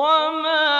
وما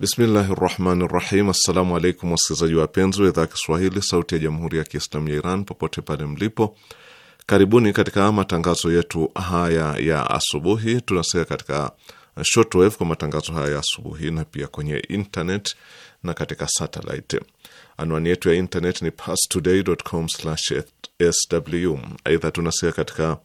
Bismillahi rahmani rahim. Assalamu alaikum wasikilizaji wapenzi wa idhaa ya Kiswahili sauti ya jamhuri ya Kiislamu ya Iran popote pale mlipo, karibuni katika matangazo yetu haya ya asubuhi. Tunasikia katika shortwave kwa matangazo haya ya asubuhi na pia kwenye internet na katika satellite. Anwani yetu ya internet ni pastoday.com/sw. Aidha, tunasikia katika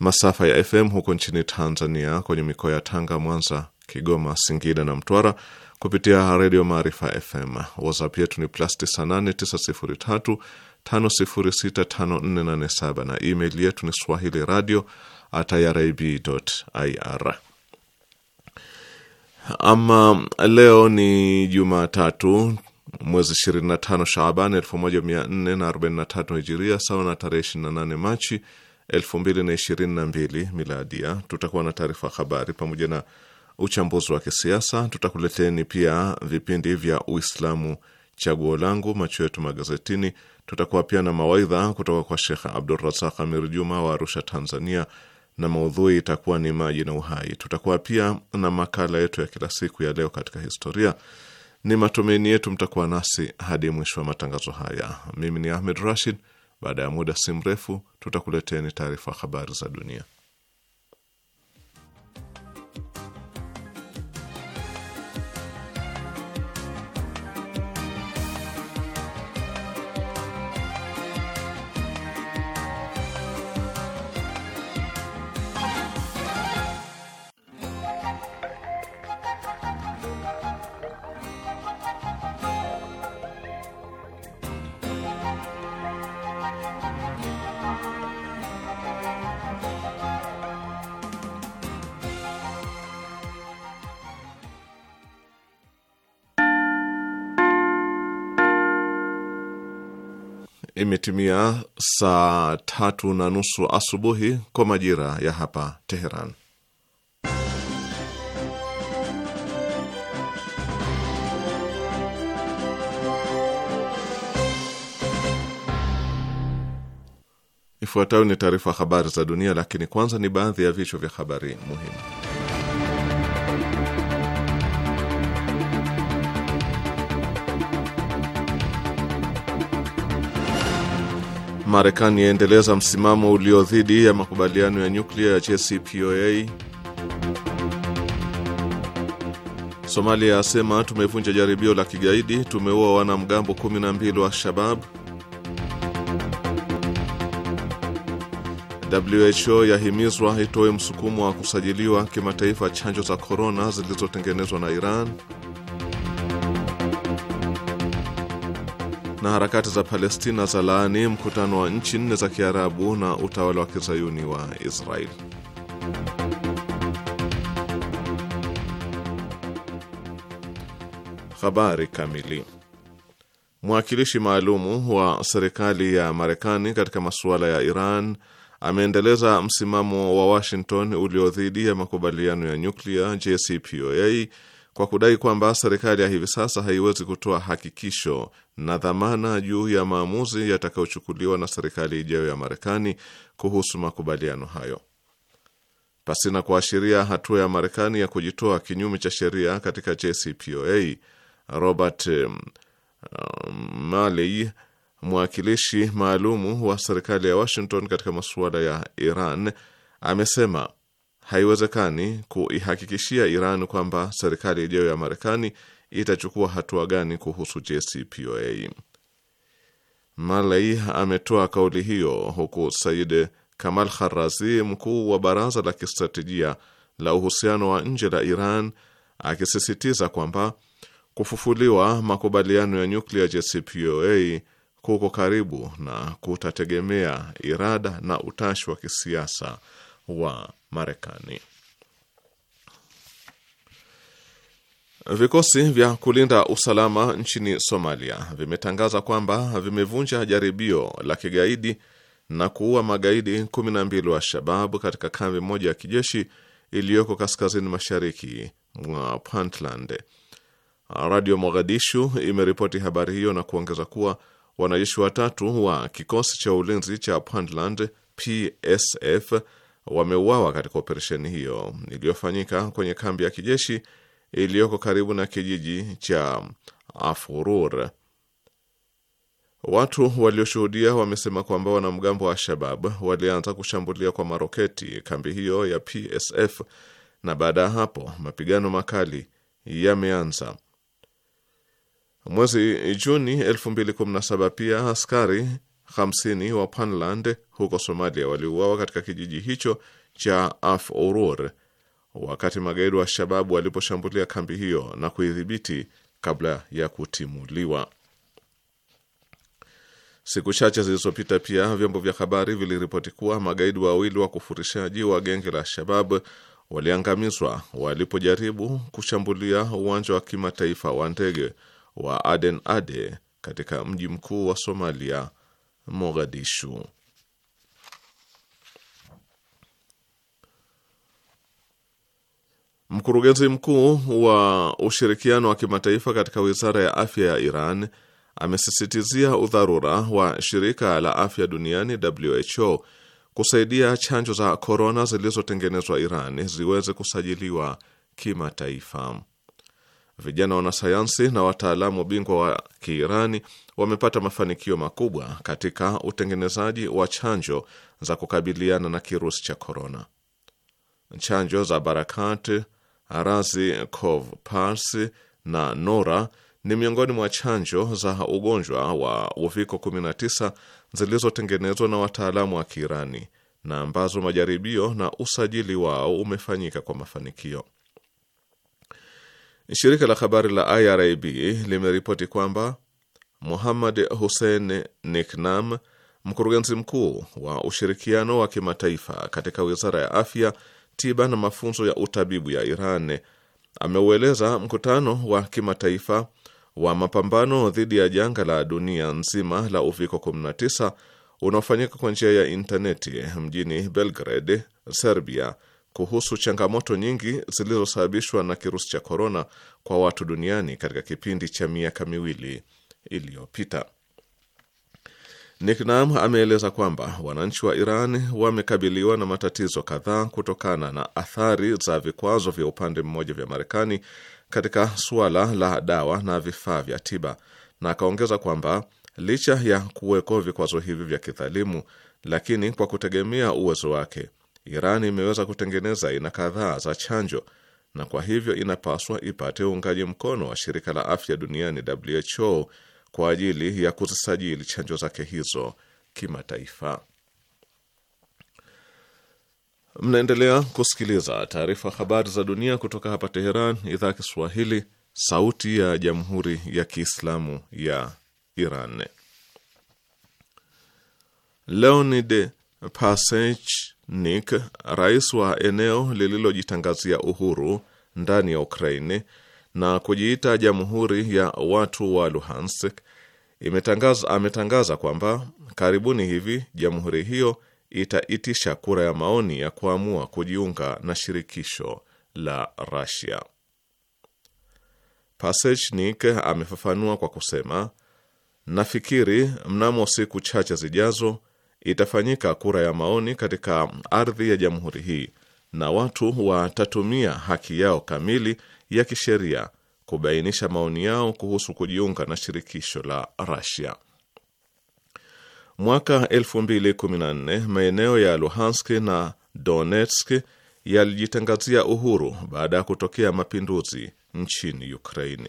masafa ya FM huko nchini Tanzania kwenye mikoa ya Tanga, Mwanza Kigoma, Singida na Mtwara kupitia Redio Maarifa FM. WhatsApp yetu ni plus 989035065487 na email yetu ni swahili radio at irib ir. Ama leo ni Jumatatu, mwezi 25 Shaaban 1443 Hijiria, sawa na tarehe 28 Machi 2022 Miladia. Tutakuwa na taarifa habari pamoja na uchambuzi wa kisiasa, tutakuleteni pia vipindi vya Uislamu, chaguo langu, macho yetu magazetini. Tutakuwa pia na mawaidha kutoka kwa Shekh Abdurazak Amir Juma wa Arusha, Tanzania, na maudhui itakuwa ni maji na uhai. Tutakuwa pia na makala yetu ya kila siku ya leo katika historia. Ni matumaini yetu mtakuwa nasi hadi mwisho wa matangazo haya. Mimi ni Ahmed Rashid. Baada ya muda si mrefu, tutakuleteni taarifa habari za dunia. imetimia saa tatu na nusu asubuhi kwa majira ya hapa Teheran. Ifuatayo ni taarifa habari za dunia, lakini kwanza ni baadhi ya vichwa vya habari muhimu. Marekani yaendeleza msimamo ulio dhidi ya makubaliano ya nyuklia ya JCPOA. Somalia asema tumevunja jaribio la kigaidi, tumeua wanamgambo 12 wa Shabab. WHO yahimizwa itoe msukumo wa kusajiliwa kimataifa chanjo za korona zilizotengenezwa na Iran. na harakati za Palestina za laani mkutano wa nchi nne za Kiarabu na utawala wa kizayuni wa israel Habari kamili. Mwakilishi maalumu wa serikali ya Marekani katika masuala ya Iran ameendeleza msimamo wa Washington ulio dhidi ya makubaliano ya nyuklia JCPOA kwa kudai kwamba serikali ya hivi sasa haiwezi kutoa hakikisho na dhamana juu ya maamuzi yatakayochukuliwa na serikali ijayo ya Marekani kuhusu makubaliano hayo. Pasina kuashiria hatua ya Marekani ya kujitoa kinyume cha sheria katika JCPOA, Robert um, Malley, mwakilishi maalumu wa serikali ya Washington katika masuala ya Iran, amesema haiwezekani kuihakikishia Iran kwamba serikali ijayo ya Marekani itachukua hatua gani kuhusu JCPOA. Malai ametoa kauli hiyo huku Said Kamal Kharazi, mkuu wa baraza la kistratejia la uhusiano wa nje la Iran, akisisitiza kwamba kufufuliwa makubaliano ya nyuklia JCPOA kuko karibu na kutategemea irada na utashi wa kisiasa wa Marekani. Vikosi vya kulinda usalama nchini Somalia vimetangaza kwamba vimevunja jaribio la kigaidi na kuua magaidi 12 wa Shababu katika kambi moja ya kijeshi iliyoko kaskazini mashariki mwa Puntland. Radio Mogadishu imeripoti habari hiyo na kuongeza kuwa wanajeshi watatu wa kikosi cha ulinzi cha Puntland PSF wameuawa katika operesheni hiyo iliyofanyika kwenye kambi ya kijeshi iliyoko karibu na kijiji cha Afurur. Watu walioshuhudia wamesema kwamba wanamgambo wa Shabab walianza kushambulia kwa maroketi kambi hiyo ya PSF na baada ya hapo mapigano makali yameanza. Mwezi Juni 2017 pia askari 50 wa Puntland huko Somalia waliuawa katika kijiji hicho cha Afurur wakati magaidi wa Shababu waliposhambulia kambi hiyo na kuidhibiti kabla ya kutimuliwa. Siku chache zilizopita pia vyombo vya habari viliripoti kuwa magaidi wawili wa kufurishaji wa genge la Shabab waliangamizwa walipojaribu kushambulia uwanja wa kimataifa wa ndege wa Aden Ade katika mji mkuu wa Somalia, Mogadishu. Mkurugenzi mkuu wa ushirikiano wa kimataifa katika wizara ya afya ya Iran amesisitizia udharura wa shirika la afya duniani WHO kusaidia chanjo za korona zilizotengenezwa Iran ziweze kusajiliwa kimataifa. Vijana wanasayansi na wataalamu bingwa wa Kiirani wamepata mafanikio makubwa katika utengenezaji wa chanjo za kukabiliana na kirusi cha korona. Chanjo za Barakat Razikov Pars na Nora ni miongoni mwa chanjo za ugonjwa wa uviko 19 zilizotengenezwa na wataalamu wa Kiirani na ambazo majaribio na usajili wao umefanyika kwa mafanikio. Shirika la habari la IRIB limeripoti kwamba Muhammad Hussein Niknam, mkurugenzi mkuu wa ushirikiano wa kimataifa katika wizara ya afya tiba na mafunzo ya utabibu ya Iran ameueleza mkutano wa kimataifa wa mapambano dhidi ya janga la dunia nzima la uviko 19 unaofanyika kwa njia ya intaneti mjini Belgrade, Serbia, kuhusu changamoto nyingi zilizosababishwa na kirusi cha korona kwa watu duniani katika kipindi cha miaka miwili iliyopita. Niknam ameeleza kwamba wananchi wa Iran wamekabiliwa na matatizo kadhaa kutokana na athari za vikwazo vya upande mmoja vya Marekani katika suala la dawa na vifaa vya tiba, na akaongeza kwamba licha ya kuwekwa vikwazo hivi vya kidhalimu, lakini kwa kutegemea uwezo wake, Iran imeweza kutengeneza aina kadhaa za chanjo na kwa hivyo inapaswa ipate uungaji mkono wa shirika la afya duniani WHO kwa ajili ya kuzisajili chanjo zake hizo kimataifa. Mnaendelea kusikiliza taarifa habari za dunia kutoka hapa Teheran, idhaa Kiswahili, sauti ya jamhuri ya kiislamu ya Iran. Leonid Pasechnik, rais wa eneo lililojitangazia uhuru ndani ya Ukraini, na kujiita Jamhuri ya Watu wa Luhansk imetangaza, ametangaza kwamba karibuni hivi jamhuri hiyo itaitisha kura ya maoni ya kuamua kujiunga na shirikisho la Russia. Pasechnik amefafanua kwa kusema, nafikiri mnamo siku chache zijazo itafanyika kura ya maoni katika ardhi ya jamhuri hii na watu watatumia haki yao kamili ya kisheria kubainisha maoni yao kuhusu kujiunga na shirikisho la Russia. Mwaka 2014 maeneo ya Luhansk na Donetsk yalijitangazia uhuru baada ya kutokea mapinduzi nchini Ukraini.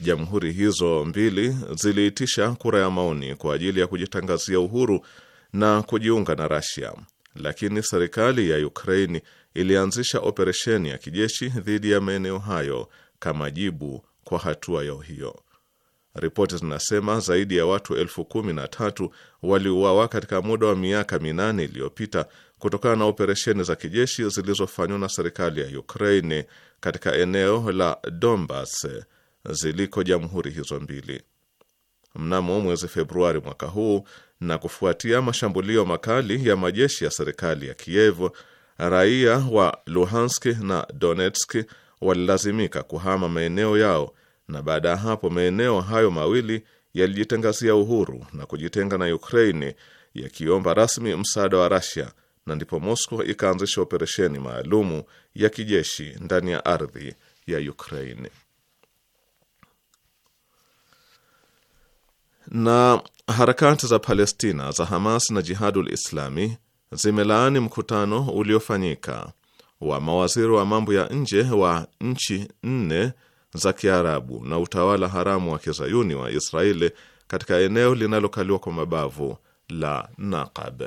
Jamhuri hizo mbili ziliitisha kura ya maoni kwa ajili ya kujitangazia uhuru na kujiunga na Russia, lakini serikali ya Ukraini ilianzisha operesheni ya kijeshi dhidi ya maeneo hayo kama jibu kwa hatua yao hiyo. Ripoti zinasema zaidi ya watu elfu kumi na tatu waliuawa katika muda wa miaka minane iliyopita kutokana na operesheni za kijeshi zilizofanywa na serikali ya Ukraine katika eneo la Donbas ziliko jamhuri hizo mbili mnamo mwezi Februari mwaka huu na kufuatia mashambulio makali ya majeshi ya serikali ya Kiev raia wa Luhansk na Donetsk walilazimika kuhama maeneo yao, na baada ya hapo maeneo hayo mawili yalijitangazia uhuru na kujitenga na Ukraini yakiomba rasmi msaada wa Rasia, na ndipo Moscow ikaanzisha operesheni maalumu ya kijeshi ndani ya ardhi ya Ukraini. Na harakati za Palestina za Hamas na Jihadul Islami zimelaani mkutano uliofanyika wa mawaziri wa mambo ya nje wa nchi nne za Kiarabu na utawala haramu wa kizayuni wa Israeli katika eneo linalokaliwa kwa mabavu la Naqab.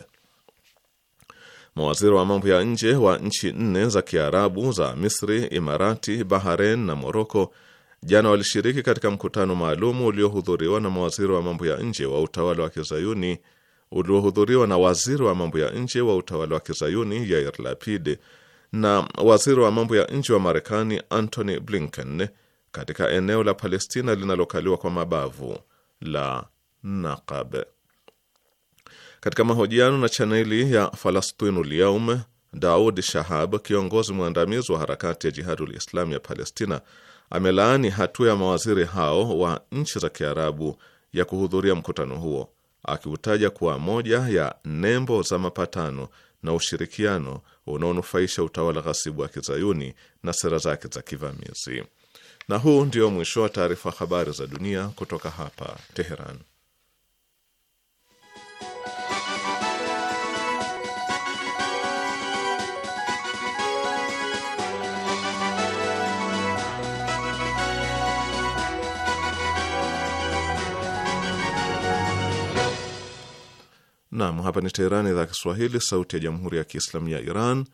Mawaziri wa mambo ya nje wa nchi nne za Kiarabu za Misri, Imarati, Bahrain na Moroko jana walishiriki katika mkutano maalum uliohudhuriwa na mawaziri wa mambo ya nje wa utawala wa kizayuni uliohudhuriwa na waziri wa mambo ya nje wa utawala wa kizayuni Yair Lapid na waziri wa mambo ya nje wa Marekani Antony Blinken katika eneo la Palestina linalokaliwa kwa mabavu la Naqab. Katika mahojiano na chaneli ya Falastinu Lyaum, Daud Shahab, kiongozi mwandamizi wa harakati ya Jihadul Islam ya Palestina, amelaani hatua ya mawaziri hao wa nchi za Kiarabu ya kuhudhuria mkutano huo akiutaja kuwa moja ya nembo za mapatano na ushirikiano unaonufaisha utawala ghasibu wa kizayuni na sera zake za kivamizi. Na huu ndio mwisho wa taarifa habari za dunia kutoka hapa Teheran. Naam, hapa ni Teherani, idhaa Kiswahili, sauti ya jamhuri ya kiislamu ya Iran.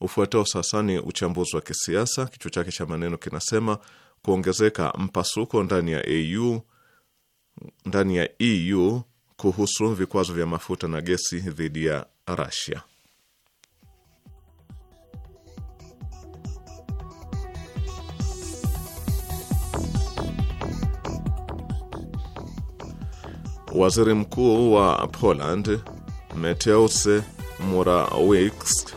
Ufuatao sasa ni uchambuzi wa kisiasa, kichwa chake cha maneno kinasema kuongezeka mpasuko ndani ya EU, ndani ya EU kuhusu vikwazo vya mafuta na gesi dhidi ya Russia. Waziri Mkuu wa Poland Mateusz Morawiecki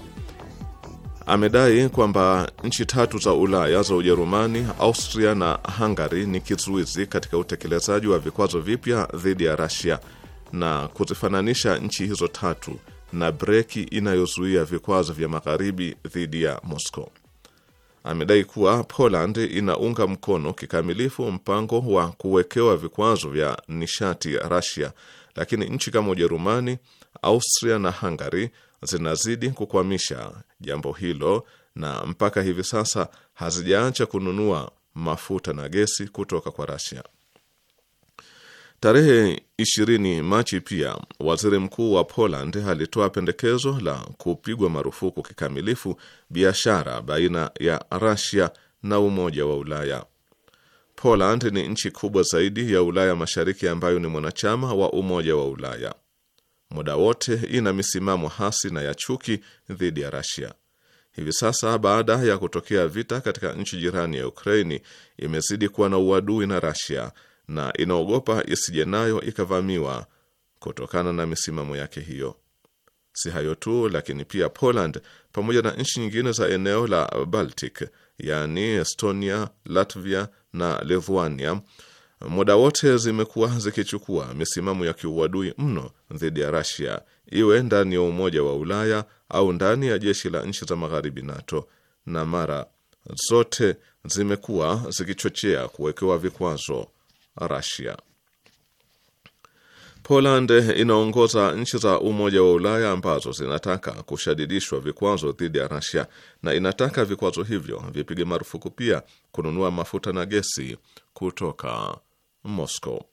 amedai kwamba nchi tatu za Ulaya za Ujerumani, Austria na Hungary ni kizuizi katika utekelezaji wa vikwazo vipya dhidi ya Russia na kuzifananisha nchi hizo tatu na breki inayozuia vikwazo vya magharibi dhidi ya Moscow amedai kuwa Poland inaunga mkono kikamilifu mpango wa kuwekewa vikwazo vya nishati rasia lakini nchi kama Ujerumani, Austria na Hungary zinazidi kukwamisha jambo hilo na mpaka hivi sasa hazijaacha kununua mafuta na gesi kutoka kwa rasia Tarehe 20 Machi pia waziri mkuu wa Poland alitoa pendekezo la kupigwa marufuku kikamilifu biashara baina ya Russia na Umoja wa Ulaya. Poland ni nchi kubwa zaidi ya Ulaya Mashariki ambayo ni mwanachama wa Umoja wa Ulaya. Muda wote ina misimamo hasi na ya chuki dhidi ya Russia. Hivi sasa baada ya kutokea vita katika nchi jirani ya Ukraini, imezidi kuwa na uadui na Russia na inaogopa isije nayo ikavamiwa kutokana na misimamo yake hiyo. Si hayo tu, lakini pia Poland pamoja na nchi nyingine za eneo la Baltic, yaani Estonia, Latvia na Lithuania, muda wote zimekuwa zikichukua misimamo ya kiuadui mno dhidi ya Russia, iwe ndani ya Umoja wa Ulaya au ndani ya jeshi la nchi za magharibi NATO, na mara zote zimekuwa zikichochea kuwekewa vikwazo Rasia. Poland inaongoza nchi za Umoja wa Ulaya ambazo zinataka kushadidishwa vikwazo dhidi ya Rasia na inataka vikwazo hivyo vipige marufuku pia kununua mafuta na gesi kutoka Moscow.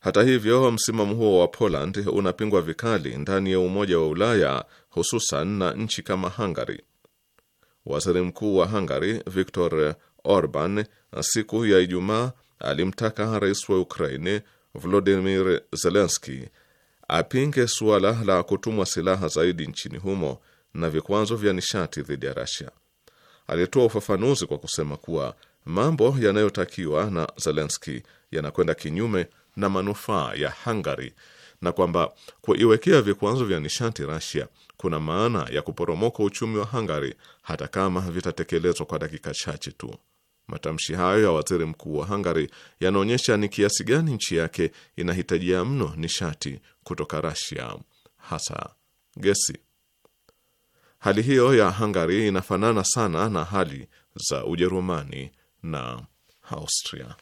Hata hivyo, msimamo huo wa Poland unapingwa vikali ndani ya Umoja wa Ulaya, hususan na nchi kama Hungary. Waziri Mkuu wa Hungary Viktor Orban siku ya Ijumaa alimtaka rais wa Ukraini Volodymyr Zelenski apinge suala la kutumwa silaha zaidi nchini humo na vikwazo vya nishati dhidi ya Rasia. Alitoa ufafanuzi kwa kusema kuwa mambo yanayotakiwa na Zelenski yanakwenda kinyume na manufaa ya Hungary na kwamba kuiwekea vikwazo vya nishati Rasia kuna maana ya kuporomoka uchumi wa Hungary hata kama vitatekelezwa kwa dakika chache tu. Matamshi hayo ya waziri mkuu wa Hungary yanaonyesha ni kiasi gani nchi yake inahitajia mno nishati kutoka Rasia, hasa gesi. Hali hiyo ya Hungary inafanana sana na hali za Ujerumani na Austria.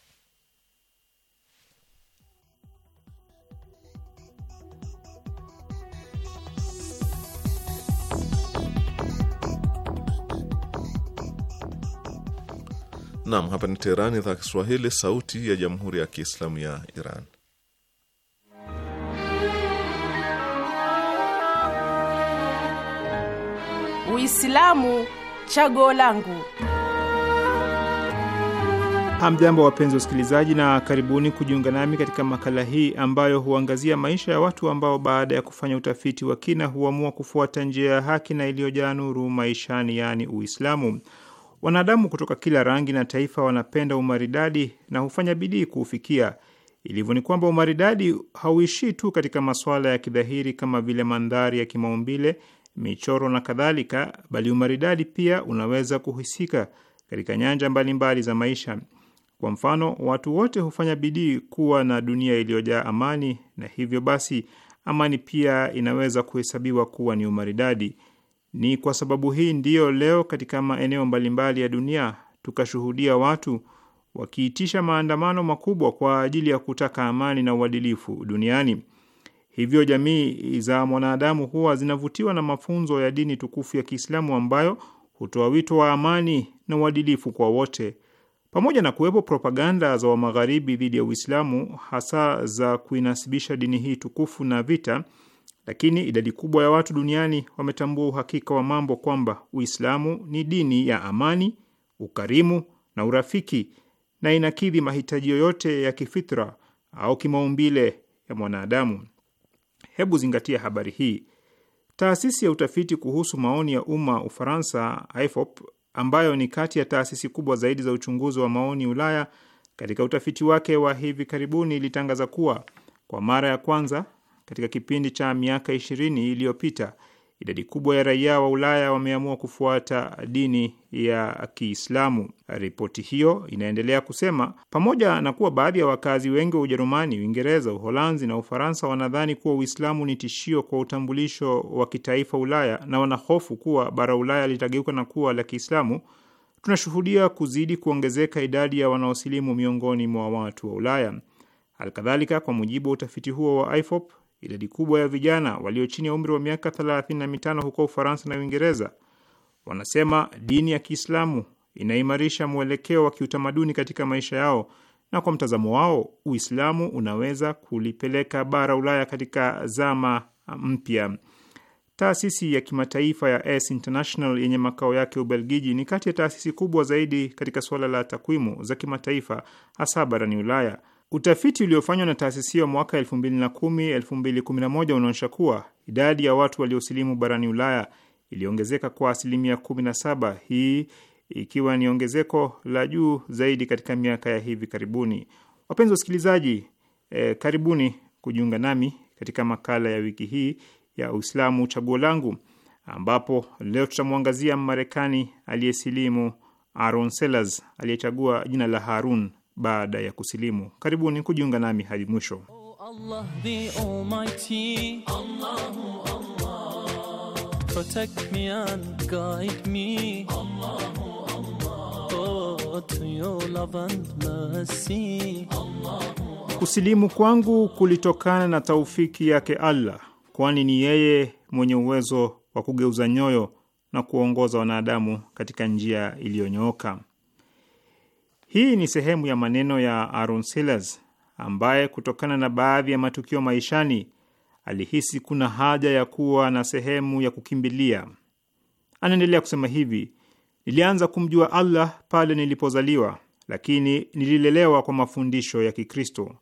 Naam, hapa ni Teheran, idhaa Kiswahili, sauti ya jamhuri ya kiislamu ya Iran. Uislamu chaguo langu. Hamjambo, wapenzi wa usikilizaji, na karibuni kujiunga nami katika makala hii ambayo huangazia maisha ya watu ambao baada ya kufanya utafiti wa kina huamua kufuata njia ya haki na iliyojaa nuru maishani, yaani Uislamu. Wanadamu kutoka kila rangi na taifa wanapenda umaridadi na hufanya bidii kuufikia. Ilivyo ni kwamba umaridadi hauishii tu katika masuala ya kidhahiri kama vile mandhari ya kimaumbile, michoro na kadhalika, bali umaridadi pia unaweza kuhisika katika nyanja mbalimbali mbali za maisha. Kwa mfano, watu wote hufanya bidii kuwa na dunia iliyojaa amani, na hivyo basi amani pia inaweza kuhesabiwa kuwa ni umaridadi. Ni kwa sababu hii ndiyo leo katika maeneo mbalimbali ya dunia tukashuhudia watu wakiitisha maandamano makubwa kwa ajili ya kutaka amani na uadilifu duniani. Hivyo jamii za mwanadamu huwa zinavutiwa na mafunzo ya dini tukufu ya Kiislamu ambayo hutoa wito wa amani na uadilifu kwa wote. Pamoja na kuwepo propaganda za Wamagharibi dhidi ya Uislamu, hasa za kuinasibisha dini hii tukufu na vita lakini idadi kubwa ya watu duniani wametambua uhakika wa mambo kwamba Uislamu ni dini ya amani, ukarimu na urafiki na inakidhi mahitaji yoyote ya kifitra au kimaumbile ya mwanadamu. Hebu zingatia habari hii. Taasisi ya utafiti kuhusu maoni ya umma Ufaransa, IFOP, ambayo ni kati ya taasisi kubwa zaidi za uchunguzi wa maoni Ulaya, katika utafiti wake wa hivi karibuni ilitangaza kuwa kwa mara ya kwanza katika kipindi cha miaka ishirini iliyopita idadi kubwa ya raia wa Ulaya wameamua kufuata dini ya Kiislamu. Ripoti hiyo inaendelea kusema, pamoja na kuwa baadhi ya wakazi wengi wa Ujerumani, Uingereza, Uholanzi na Ufaransa wanadhani kuwa Uislamu ni tishio kwa utambulisho wa kitaifa Ulaya na wanahofu kuwa bara Ulaya litageuka na kuwa la Kiislamu, tunashuhudia kuzidi kuongezeka idadi ya wanaosilimu miongoni mwa watu wa Ulaya. Alkadhalika, kwa mujibu wa utafiti huo wa IFOP, idadi kubwa ya vijana walio chini ya umri wa miaka 35 huko Ufaransa na Uingereza wanasema dini ya Kiislamu inaimarisha mwelekeo wa kiutamaduni katika maisha yao, na kwa mtazamo wao Uislamu unaweza kulipeleka bara Ulaya katika zama mpya. Taasisi ya kimataifa ya S International yenye makao yake Ubelgiji ni kati ya taasisi kubwa zaidi katika suala la takwimu za kimataifa hasa barani Ulaya. Utafiti uliofanywa na taasisi ya mwaka 2010 2011 unaonyesha kuwa idadi ya watu waliosilimu barani Ulaya iliongezeka kwa asilimia 17, hii ikiwa ni ongezeko la juu zaidi katika miaka ya hivi karibuni. Wapenzi wasikilizaji, eh, karibuni kujiunga nami katika makala ya wiki hii ya Uislamu Chaguo Langu, ambapo leo tutamwangazia marekani aliyesilimu Aaron Sellers aliyechagua jina la Harun baada ya kusilimu. Karibuni kujiunga nami hadi mwisho. Kusilimu kwangu kulitokana na taufiki yake Allah, kwani ni yeye mwenye uwezo wa kugeuza nyoyo na kuongoza wanadamu katika njia iliyonyooka. Hii ni sehemu ya maneno ya Aaron Sellers ambaye kutokana na baadhi ya matukio maishani alihisi kuna haja ya kuwa na sehemu ya kukimbilia. Anaendelea kusema hivi: nilianza kumjua Allah pale nilipozaliwa, lakini nililelewa kwa mafundisho ya Kikristo.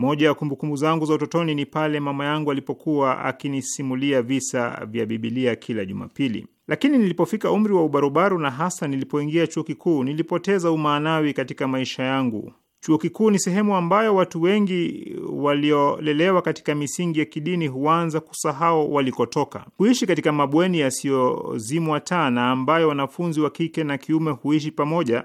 Moja ya kumbukumbu zangu za utotoni ni pale mama yangu alipokuwa akinisimulia visa vya Bibilia kila Jumapili, lakini nilipofika umri wa ubarubaru na hasa nilipoingia chuo kikuu, nilipoteza umaanawi katika maisha yangu. Chuo kikuu ni sehemu ambayo watu wengi waliolelewa katika misingi ya kidini huanza kusahau walikotoka, kuishi katika mabweni yasiyozimwa taa na ambayo wanafunzi wa kike na kiume huishi pamoja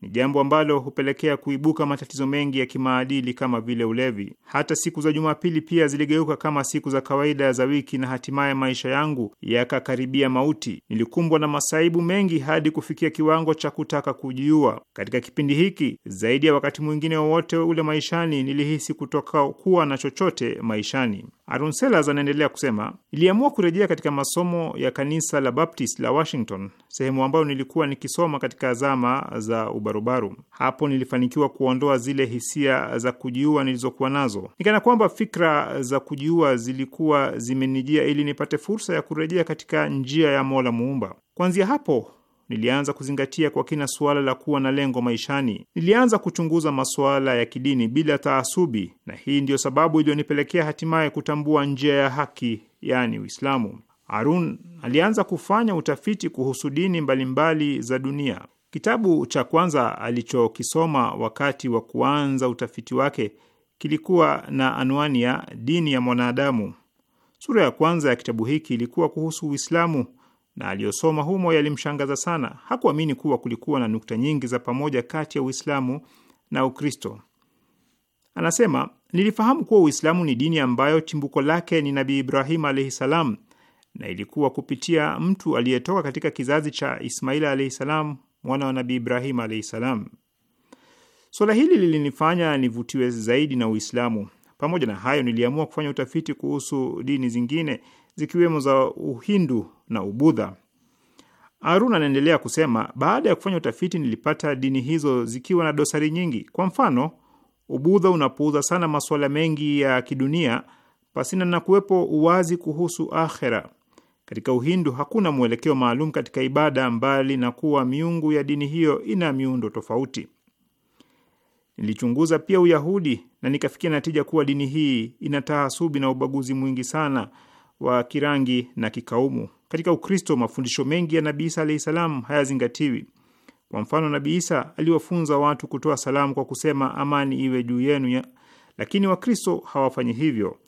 ni jambo ambalo hupelekea kuibuka matatizo mengi ya kimaadili kama vile ulevi. Hata siku za Jumapili pia ziligeuka kama siku za kawaida za wiki, na hatimaye maisha yangu yakakaribia mauti. Nilikumbwa na masaibu mengi hadi kufikia kiwango cha kutaka kujiua. Katika kipindi hiki, zaidi ya wakati mwingine wowote ule maishani, nilihisi kutoka kuwa na chochote maishani. Arunselas anaendelea kusema, iliamua kurejea katika masomo ya kanisa la Baptist la Washington, sehemu ambayo nilikuwa nikisoma katika zama za ubarubaru. Hapo nilifanikiwa kuondoa zile hisia za kujiua nilizokuwa nazo, nikana kwamba fikra za kujiua zilikuwa zimenijia, ili nipate fursa ya kurejea katika njia ya Mola Muumba. Kuanzia hapo nilianza kuzingatia kwa kina suala la kuwa na lengo maishani. Nilianza kuchunguza masuala ya kidini bila taasubi, na hii ndiyo sababu iliyonipelekea hatimaye kutambua njia ya haki, yaani Uislamu. Harun alianza kufanya utafiti kuhusu dini mbalimbali za dunia. Kitabu cha kwanza alichokisoma wakati wa kuanza utafiti wake kilikuwa na anwani ya dini ya mwanadamu. Sura ya kwanza ya kitabu hiki ilikuwa kuhusu Uislamu na aliyosoma humo yalimshangaza sana. Hakuamini kuwa kulikuwa na nukta nyingi za pamoja kati ya Uislamu na Ukristo. Anasema, nilifahamu kuwa Uislamu ni dini ambayo chimbuko lake ni Nabii Ibrahim alaihi salam, na ilikuwa kupitia mtu aliyetoka katika kizazi cha Ismaili alaihi salam, mwana wa Nabii Ibrahim alaihi salam. Suala hili lilinifanya nivutiwe zaidi na Uislamu. Pamoja na hayo, niliamua kufanya utafiti kuhusu dini zingine zikiwemo za Uhindu na Ubudha. Arun anaendelea kusema, baada ya kufanya utafiti nilipata dini hizo zikiwa na dosari nyingi. Kwa mfano, Ubudha unapuuza sana masuala mengi ya kidunia pasina na kuwepo uwazi kuhusu akhera. Katika Uhindu hakuna mwelekeo maalum katika ibada, mbali na kuwa miungu ya dini hiyo ina miundo tofauti. Nilichunguza pia Uyahudi na nikafikia natija kuwa dini hii ina taasubi na ubaguzi mwingi sana wa kirangi na kikaumu. Katika Ukristo, mafundisho mengi ya Nabii Isa alahi salam hayazingatiwi. Kwa mfano, Nabii Isa aliwafunza watu kutoa salamu kwa kusema amani iwe juu yenu ya, lakini Wakristo hawafanyi hivyo.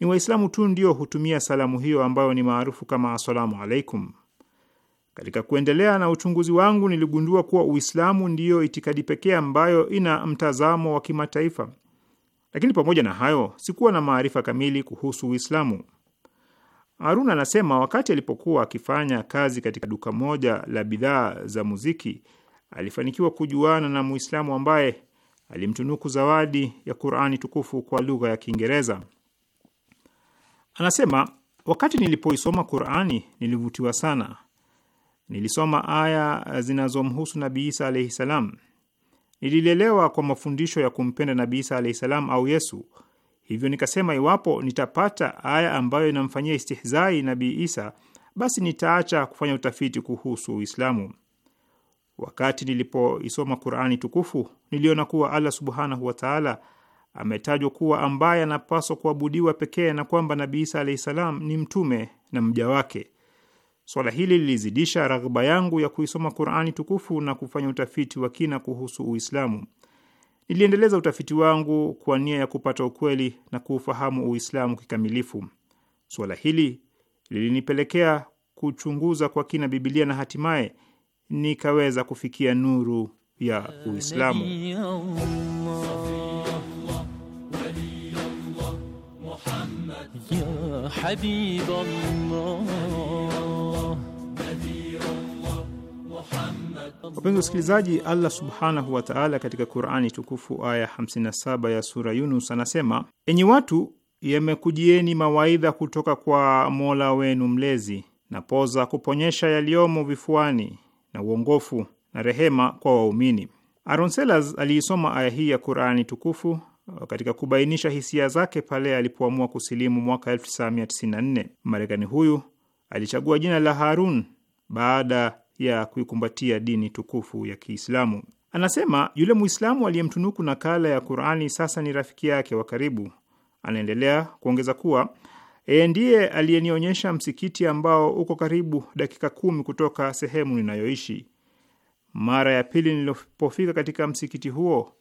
Ni Waislamu tu ndio hutumia salamu hiyo ambayo ni maarufu kama assalamu alaikum. Katika kuendelea na uchunguzi wangu niligundua kuwa Uislamu ndiyo itikadi pekee ambayo ina mtazamo wa kimataifa, lakini pamoja na hayo sikuwa na maarifa kamili kuhusu Uislamu harun anasema wakati alipokuwa akifanya kazi katika duka moja la bidhaa za muziki, alifanikiwa kujuana na Muislamu ambaye alimtunuku zawadi ya Qurani tukufu kwa lugha ya Kiingereza. Anasema wakati nilipoisoma Qurani nilivutiwa sana. Nilisoma aya zinazomhusu Nabii Isa alaihi salam. Nililelewa kwa mafundisho ya kumpenda Nabii Isa alaihi salam au Yesu Hivyo nikasema iwapo nitapata aya ambayo inamfanyia istihzai Nabii Isa, basi nitaacha kufanya utafiti kuhusu Uislamu. Wakati nilipoisoma Qurani tukufu, niliona kuwa Allah subhanahu wataala ametajwa kuwa ambaye anapaswa kuabudiwa pekee na kwamba Nabii Isa alahi salam ni mtume na mja wake. Swala hili lilizidisha raghba yangu ya kuisoma Qurani tukufu na kufanya utafiti wa kina kuhusu Uislamu. Niliendeleza utafiti wangu kwa nia ya kupata ukweli na kuufahamu Uislamu kikamilifu. Suala hili lilinipelekea kuchunguza kwa kina Bibilia na hatimaye nikaweza kufikia nuru ya Uislamu. Ya Habib Allah Wapenzi wasikilizaji, Allah subhanahu wa taala katika Qurani tukufu aya 57 ya sura Yunus anasema: enyi watu, yamekujieni mawaidha kutoka kwa mola wenu mlezi, na poza kuponyesha yaliyomo vifuani, na uongofu na rehema kwa waumini. Aaron Sellers aliisoma aya hii ya Qurani tukufu uh, katika kubainisha hisia zake pale alipoamua kusilimu mwaka 1994. Marekani huyu alichagua jina la Harun baada ya kuikumbatia dini tukufu ya Kiislamu. Anasema yule Muislamu aliyemtunuku nakala ya Qurani sasa ni rafiki yake wa karibu. Anaendelea kuongeza kuwa yeye ndiye aliyenionyesha msikiti ambao uko karibu dakika kumi kutoka sehemu ninayoishi. Mara ya pili nilipofika katika msikiti huo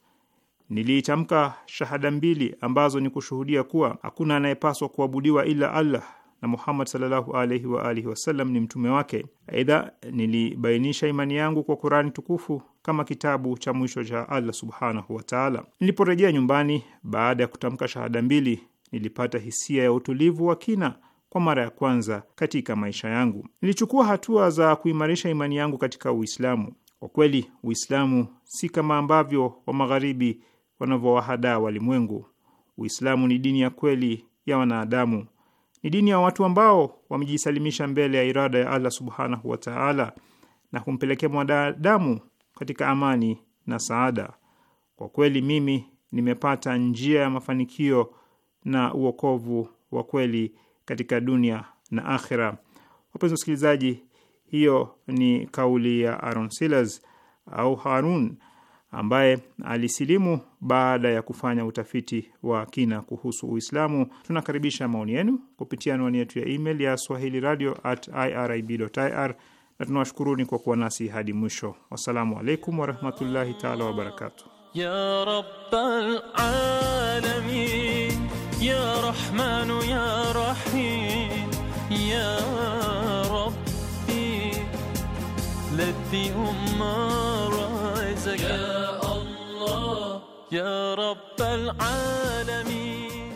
niliitamka shahada mbili ambazo ni kushuhudia kuwa hakuna anayepaswa kuabudiwa ila Allah na Muhammad sallallahu alaihi wa alihi wasallam ni mtume wake. Aidha, nilibainisha imani yangu kwa qurani tukufu kama kitabu cha mwisho cha Allah subhanahu wataala. Niliporejea nyumbani baada ya kutamka shahada mbili, nilipata hisia ya utulivu wa kina kwa mara ya kwanza katika maisha yangu. Nilichukua hatua za kuimarisha imani yangu katika Uislamu. Kwa kweli, Uislamu si kama ambavyo wa magharibi wanavyowahadaa walimwengu. Uislamu ni dini ya kweli ya wanadamu ni dini ya watu ambao wamejisalimisha mbele ya irada ya Allah subhanahu wa taala na kumpelekea mwanadamu katika amani na saada. Kwa kweli mimi nimepata njia ya mafanikio na uokovu wa kweli katika dunia na akhira. Wapenzi wasikilizaji, hiyo ni kauli ya Aaron Silas au Harun ambaye alisilimu baada ya kufanya utafiti wa kina kuhusu Uislamu. Tunakaribisha maoni yenu kupitia anwani yetu ya email ya swahili radio at irib.ir, na tunawashukuruni kwa kuwa nasi hadi mwisho. Wassalamu alaikum warahmatullahi taala wabarakatu ya rabbal alamin ya rahmanu ya rahim ya rabbi ladhi ya rabbal alamin.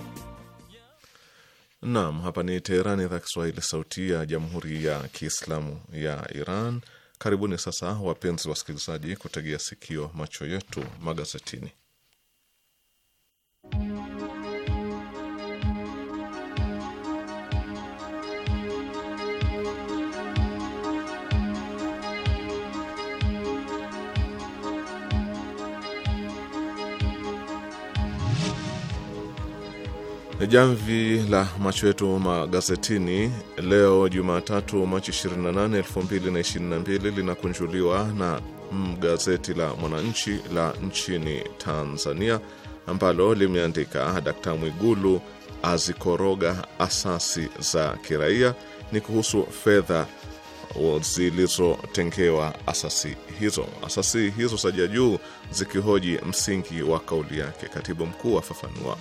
Naam, hapa ni Teherani, idhaa Kiswahili, sauti ya jamhuri ya kiislamu ya Iran. Karibuni sasa, wapenzi wasikilizaji, kutegea sikio macho yetu magazetini. Jamvi la macho yetu magazetini leo Jumatatu, Machi 28, 2022 linakunjuliwa na gazeti la Mwananchi la nchini Tanzania ambalo limeandika Dkt. Mwigulu azikoroga asasi za kiraia. Ni kuhusu fedha zilizotengewa asasi hizo, asasi hizo za juu zikihoji msingi wa kauli yake. Katibu mkuu afafanua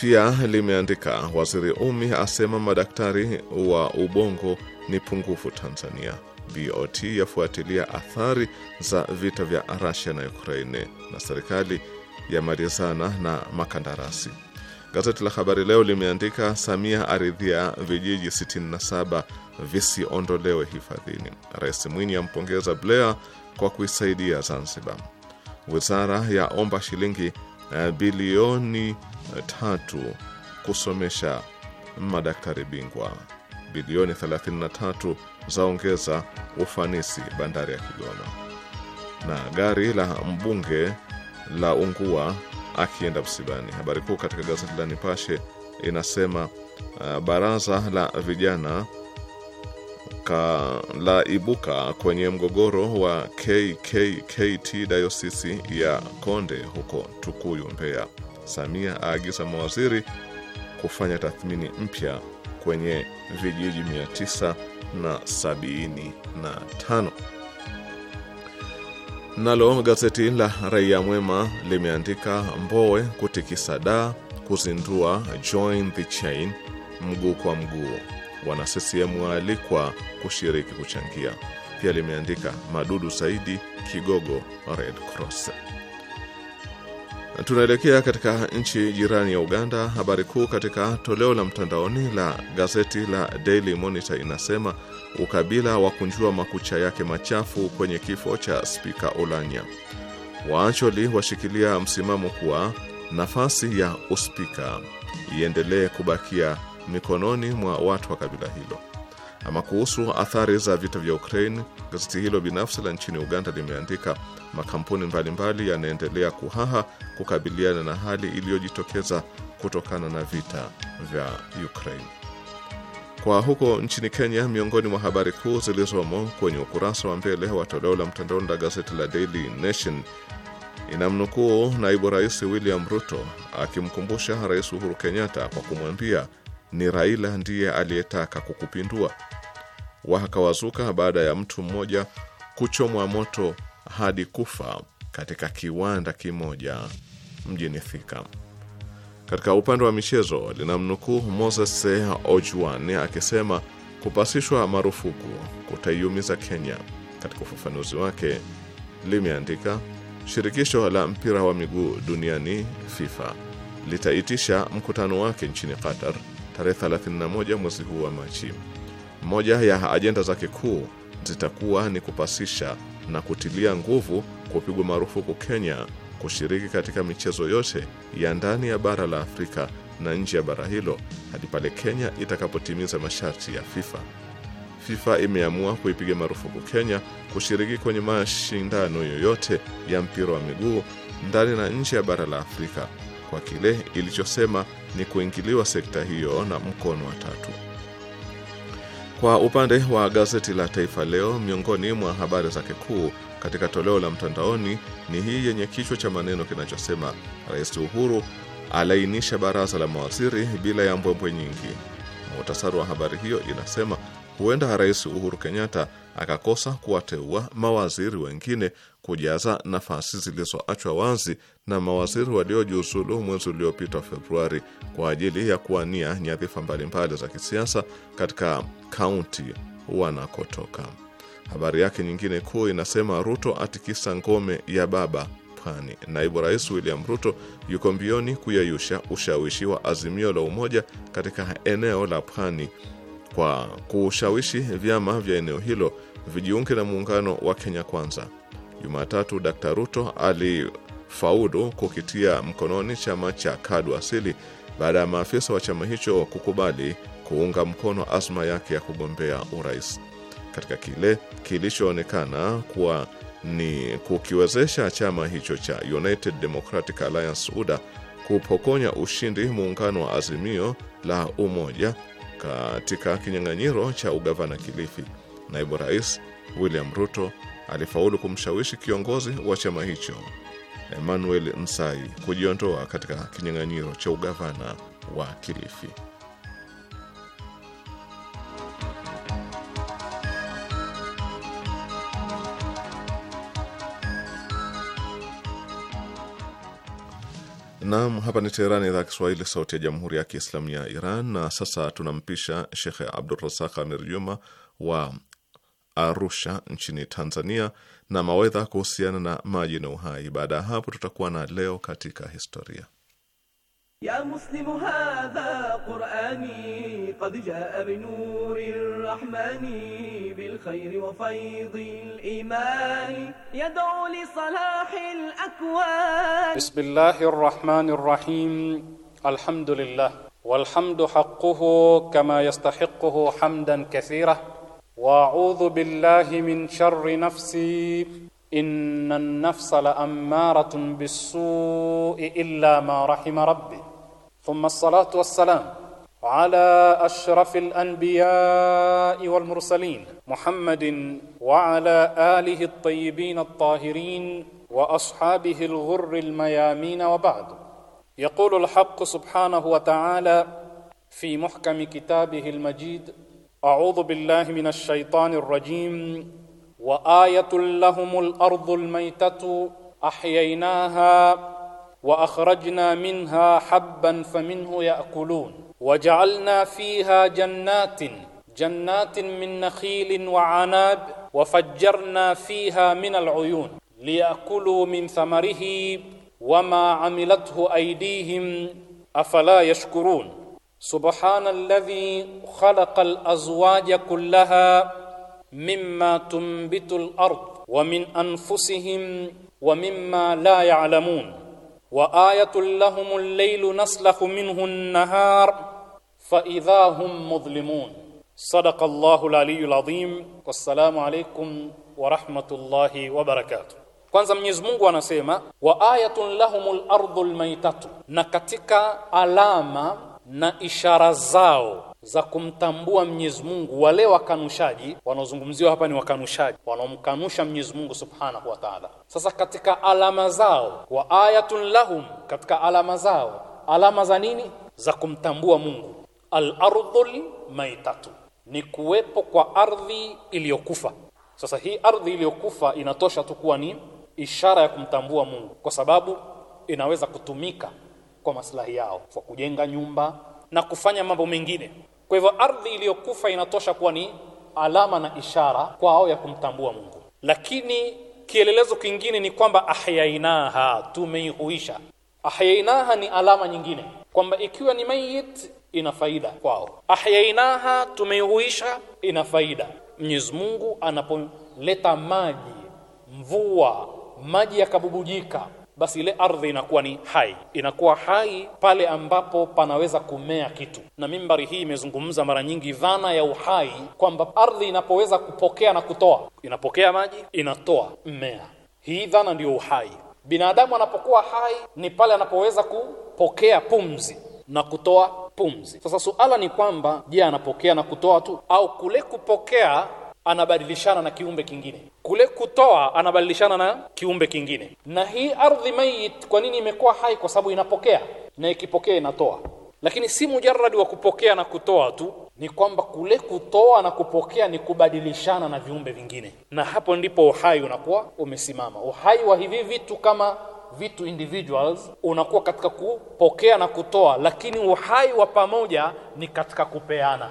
pia limeandika waziri Umi asema madaktari wa ubongo ni pungufu Tanzania. BOT yafuatilia athari za vita vya Russia na Ukraine, na serikali yamalizana na makandarasi. Gazeti la Habari Leo limeandika Samia aridhia vijiji 67 visiondolewe hifadhini. Rais Mwinyi ampongeza Blair kwa kuisaidia Zanzibar. Wizara ya omba shilingi Eh, bilioni eh, tatu kusomesha madaktari bingwa, bilioni 33 zaongeza ufanisi bandari ya Kigoma, na gari la mbunge la ungua akienda msibani. Habari kuu katika gazeti la Nipashe inasema uh, baraza la vijana kalaibuka kwenye mgogoro wa KKKT dayosisi ya Konde huko Tukuyu, Mbeya. Samia aagiza mawaziri kufanya tathmini mpya kwenye vijiji 975. Nalo gazeti la Raia Mwema limeandika Mbowe kutikisa da kuzindua Join the Chain mguu kwa mguu wana CCM waalikwa kushiriki kuchangia. Pia limeandika madudu Saidi kigogo Red Cross. Tunaelekea katika nchi jirani ya Uganda. Habari kuu katika toleo la mtandaoni la gazeti la Daily Monitor inasema ukabila wa kunjua makucha yake machafu kwenye kifo cha spika Olanya. Waacholi washikilia msimamo kuwa nafasi ya uspika iendelee kubakia mikononi mwa watu wa kabila hilo. Ama kuhusu athari za vita vya Ukraine, gazeti hilo binafsi la nchini Uganda limeandika makampuni mbalimbali yanaendelea kuhaha kukabiliana na hali iliyojitokeza kutokana na vita vya Ukraine. Kwa huko nchini Kenya, miongoni mwa habari kuu zilizomo kwenye ukurasa wa mbele wa toleo la mtandaoni la gazeti la Daily Nation inamnukuu naibu rais William Ruto akimkumbusha rais Uhuru Kenyatta kwa kumwambia ni Raila ndiye aliyetaka kukupindua. Wahaka wazuka baada ya mtu mmoja kuchomwa moto hadi kufa katika kiwanda kimoja mjini Thika. Katika upande wa michezo, linamnukuu Moses Ojwan akisema kupasishwa marufuku kutaiumiza Kenya. Katika ufafanuzi wake limeandika shirikisho la mpira wa miguu duniani FIFA litaitisha mkutano wake nchini Qatar tarehe 31 mwezi huu wa Machi. Moja ya ajenda zake kuu zitakuwa ni kupasisha na kutilia nguvu kupigwa marufuku Kenya kushiriki katika michezo yote ya ndani ya bara la Afrika na nje ya bara hilo hadi pale Kenya itakapotimiza masharti ya FIFA. FIFA imeamua kuipiga marufuku Kenya kushiriki kwenye mashindano yoyote ya mpira wa miguu ndani na nje ya bara la Afrika kwa kile ilichosema ni kuingiliwa sekta hiyo na mkono wa tatu. Kwa upande wa gazeti la Taifa Leo, miongoni mwa habari zake kuu katika toleo la mtandaoni ni hii yenye kichwa cha maneno kinachosema Rais Uhuru alainisha baraza la mawaziri bila ya mbwembwe nyingi. Muhtasari wa habari hiyo inasema huenda Rais Uhuru Kenyatta akakosa kuwateua mawaziri wengine kujaza nafasi zilizoachwa wazi na mawaziri waliojiuzulu mwezi uliopita Februari kwa ajili ya kuwania nyadhifa mbalimbali za kisiasa katika kaunti wanakotoka. Habari yake nyingine kuu inasema Ruto atikisa ngome ya baba Pwani. Naibu Rais William Ruto yuko mbioni kuyayusha ushawishi wa Azimio la Umoja katika eneo la Pwani kwa kuushawishi vyama vya eneo hilo vijiunge na muungano wa Kenya Kwanza. Jumatatu, Dkt Ruto alifaulu kukitia mkononi chama cha KADU asili baada ya maafisa wa chama hicho kukubali kuunga mkono azma yake ya kugombea urais katika kile kilichoonekana kuwa ni kukiwezesha chama hicho cha United Democratic Alliance UDA kupokonya ushindi muungano wa Azimio la Umoja katika kinyang'anyiro cha ugavana Kilifi, naibu rais William Ruto alifaulu kumshawishi kiongozi wa chama hicho Emmanuel msai kujiondoa katika kinyang'anyiro cha ugavana wa Kilifi. Naam, hapa ni Teherani, idhaa Kiswahili, sauti ya jamhuri ya kiislamu ya Iran. Na sasa tunampisha Shekhe abdurazaq Amir Juma wa Arusha nchini Tanzania na mawedha kuhusiana na maji na uhai. Baada ya hapo, tutakuwa na leo katika historia. يا مسلم هذا قرآني قد جاء بنور الرحمن بالخير وفيض الإيمان يدعو لصلاح الأكوان بسم الله الرحمن الرحيم الحمد لله والحمد حقه كما يستحقه حمدا كثيرا وأعوذ بالله من شر نفسي إن النفس لأمارة بالسوء إلا ما رحم ربي ثم الصلاة والسلام على أشرف الأنبياء والمرسلين محمد وعلى آله الطيبين الطاهرين وأصحابه الغر الميامين وبعد يقول الحق سبحانه وتعالى في محكم كتابه المجيد أعوذ بالله من الشيطان الرجيم وآية لهم الأرض الميتة أحييناها واخرجنا منها حبا فمنه ياكلون وجعلنا فيها جنات جنات من نخيل وعناب وفجرنا فيها من العيون لياكلوا من ثمره وما عملته ايديهم افلا يشكرون سبحان الذي خلق الازواج كلها مما تنبت الارض ومن انفسهم ومما لا يعلمون wa ayatul lahum al-laylu naslakhu minhu an-nahar fa idha hum mudlimun sadaqa Allahu azim wassalamu alaykum wa rahmatullahi wa barakatuh kwanza Mwenyezi Mungu anasema wa ayatun lahumul ardhul maytatu na katika alama na ishara zao za kumtambua Mwenyezi Mungu. Wale wakanushaji wanaozungumziwa hapa ni wakanushaji wanaomkanusha Mwenyezi Mungu Subhanahu wa Ta'ala. Sasa katika alama zao, wa ayatun lahum, katika alama zao, alama za nini? Za kumtambua Mungu. Al-ardhul maitatu ni kuwepo kwa ardhi iliyokufa. Sasa hii ardhi iliyokufa inatosha tu kuwa ni ishara ya kumtambua Mungu, kwa sababu inaweza kutumika kwa maslahi yao, kwa kujenga nyumba na kufanya mambo mengine. Kwa hivyo ardhi iliyokufa inatosha kuwa ni alama na ishara kwao ya kumtambua Mungu, lakini kielelezo kingine ni kwamba ahyainaha, tumeihuisha. Ahyainaha ni alama nyingine kwamba ikiwa ni mayit ina faida kwao. Ahyainaha, tumeihuisha, ina faida. Mwenyezi Mungu anapoleta maji, mvua, maji yakabubujika basi ile ardhi inakuwa ni hai. Inakuwa hai pale ambapo panaweza kumea kitu, na mimbari hii imezungumza mara nyingi dhana ya uhai, kwamba ardhi inapoweza kupokea na kutoa, inapokea maji, inatoa mmea. Hii dhana ndiyo uhai. Binadamu anapokuwa hai ni pale anapoweza kupokea pumzi na kutoa pumzi. Sasa suala ni kwamba, je, anapokea na kutoa tu au kule kupokea anabadilishana na kiumbe kingine, kule kutoa anabadilishana na kiumbe kingine. Na hii ardhi mayit, kwa nini imekuwa hai? Kwa sababu inapokea, na ikipokea inatoa. Lakini si mujarradi wa kupokea na kutoa tu, ni kwamba kule kutoa na kupokea ni kubadilishana na viumbe vingine, na hapo ndipo uhai unakuwa umesimama. Uhai wa hivi vitu kama vitu individuals unakuwa katika kupokea na kutoa, lakini uhai wa pamoja ni katika kupeana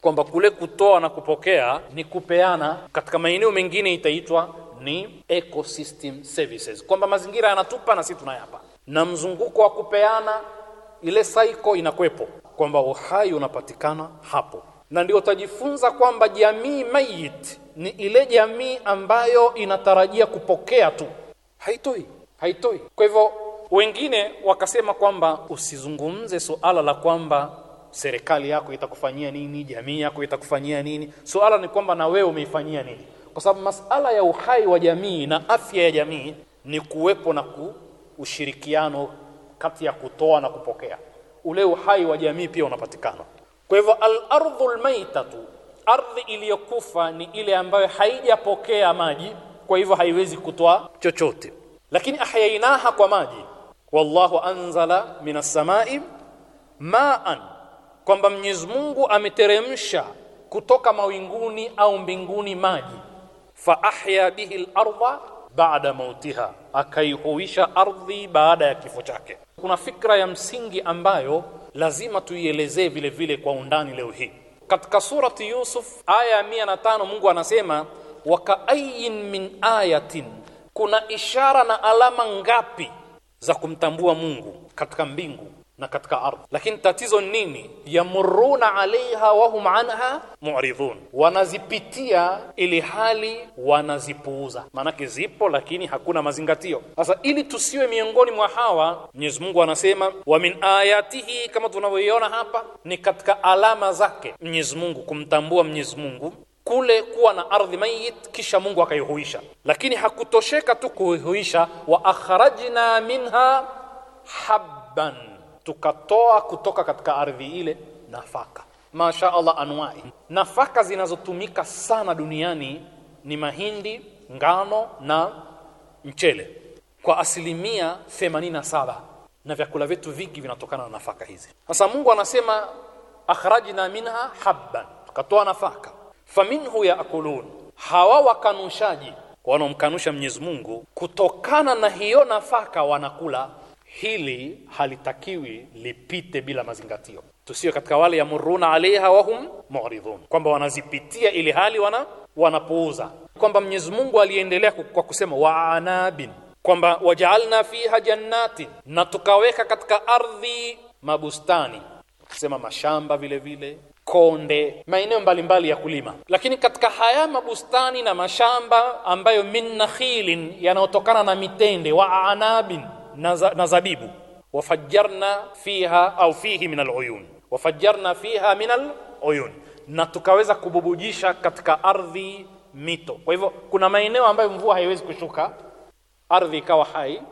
kwamba kule kutoa na kupokea ni kupeana. Katika maeneo mengine itaitwa ni ecosystem services, kwamba mazingira yanatupa na sisi tunayapa, na mzunguko wa kupeana, ile cycle inakwepo, kwamba uhai unapatikana hapo, na ndio utajifunza kwamba jamii mayit ni ile jamii ambayo inatarajia kupokea tu, haitoi haitoi. Kwa hivyo wengine wakasema kwamba usizungumze suala la kwamba serikali yako itakufanyia nini, jamii yako itakufanyia nini. Suala ni kwamba na wewe umeifanyia nini, kwa sababu masala ya uhai wa jamii na afya ya jamii ni kuwepo na ku, ushirikiano kati ya kutoa na kupokea, ule uhai wa jamii pia unapatikana. Kwa hivyo al ardhul maitatu ardhi iliyokufa ni ile ambayo haijapokea maji, kwa hivyo haiwezi kutoa chochote, lakini ahyainaha kwa maji. Wallahu anzala minas samai maan kwamba Mwenyezi Mungu ameteremsha kutoka mawinguni au mbinguni maji fa ahya bihi al-ardha baada mautiha, akaihuisha ardhi baada ya kifo chake. Kuna fikra ya msingi ambayo lazima tuielezee vile vile kwa undani leo hii. Katika surati Yusuf aya ya 105 Mungu anasema wakaayin min ayatin, kuna ishara na alama ngapi za kumtambua Mungu katika mbingu na katika ardhi lakini tatizo nini yamuruna alaiha wa hum anha mu'ridun wanazipitia ili hali wanazipuuza maanake zipo lakini hakuna mazingatio sasa ili tusiwe miongoni mwa hawa Mwenyezi Mungu anasema wa min ayatihi kama tunavyoiona hapa ni katika alama zake Mwenyezi Mungu kumtambua Mwenyezi Mungu kule kuwa na ardhi mayit kisha Mungu akaihuisha lakini hakutosheka tu kuihuisha wa akhrajna minha habban tukatoa kutoka katika ardhi ile nafaka. Masha Allah, anwai nafaka zinazotumika sana duniani ni mahindi, ngano na mchele kwa asilimia 87, na vyakula vyetu vingi vinatokana na nafaka hizi. Sasa Mungu anasema akhrajna minha habban, tukatoa nafaka. Faminhu yakulun hawa wakanushaji wanaomkanusha Mwenyezi Mungu kutokana na hiyo nafaka wanakula hili halitakiwi lipite bila mazingatio, tusiwe katika wale yamuruna alaiha wahum mu'ridhun, kwamba wanazipitia ili hali wana wanapuuza, kwamba Mwenyezi Mungu aliendelea kwa kusema wa anabin, kwamba wajaalna fiha jannatin, na tukaweka katika ardhi mabustani, kusema mashamba vile vile konde maeneo mbalimbali ya kulima, lakini katika haya mabustani na mashamba ambayo min nakhilin yanayotokana na mitende wa anabin na zabibu. Wafajjarna fiha au fihi min aluyun, wafajjarna fiha min aluyun, na tukaweza kububujisha katika ardhi mito. Kwa hivyo kuna maeneo ambayo mvua haiwezi kushuka, ardhi ikawa hai,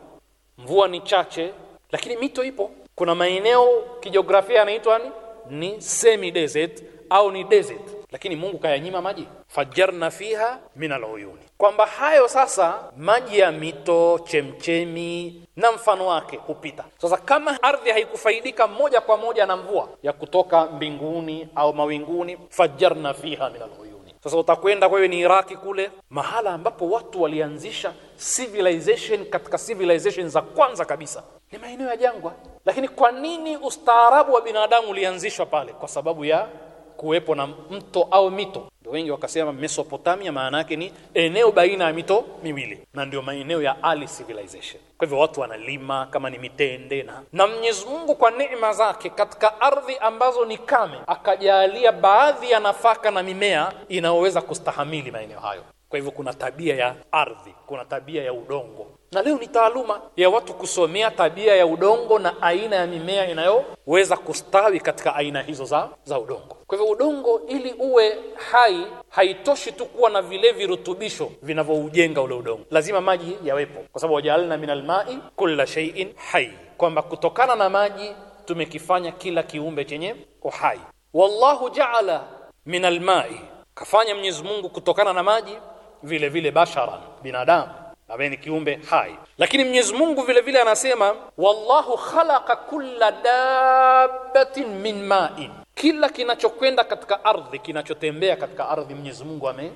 mvua ni chache, lakini mito ipo. Kuna maeneo kijiografia yanaitwa ni semi desert au ni desert lakini Mungu kayanyima maji, fajarna fiha min aluyuni, kwamba hayo sasa maji ya mito, chemchemi na mfano wake hupita. Sasa kama ardhi haikufaidika moja kwa moja na mvua ya kutoka mbinguni au mawinguni, fajarna fiha min aluyuni. Sasa utakwenda kwa ni Iraki kule, mahala ambapo watu walianzisha civilization katika civilization za kwanza kabisa ni maeneo ya jangwa. Lakini kwa nini ustaarabu wa binadamu ulianzishwa pale? Kwa sababu ya kuwepo na mto au mito. Ndio wengi wakasema Mesopotamia maana yake ni eneo baina ya mito miwili, na ndio maeneo ya early civilization. Kwa hivyo watu wanalima kama ni mitende na, na Mwenyezi Mungu kwa neema zake katika ardhi ambazo ni kame akajalia baadhi ya nafaka na mimea inayoweza kustahamili maeneo hayo. Kwa hivyo kuna tabia ya ardhi, kuna tabia ya udongo, na leo ni taaluma ya watu kusomea tabia ya udongo na aina ya mimea inayoweza kustawi katika aina hizo za, za udongo. Kwa hivyo udongo ili uwe hai, haitoshi tu kuwa na vile virutubisho vinavyoujenga ule udongo, lazima maji yawepo, kwa sababu wajaalna min almai kulla shay'in hai, kwamba kutokana na maji tumekifanya kila kiumbe chenye uhai. Wallahu jaala min almai, kafanya Mwenyezi Mungu kutokana na maji vile vile basharan binadamu ambaye ni kiumbe hai lakini Mwenyezi Mungu vile vile anasema wallahu khalaqa kulla dabbatin min ma'in kila kinachokwenda katika ardhi kinachotembea katika ardhi Mwenyezi Mungu ame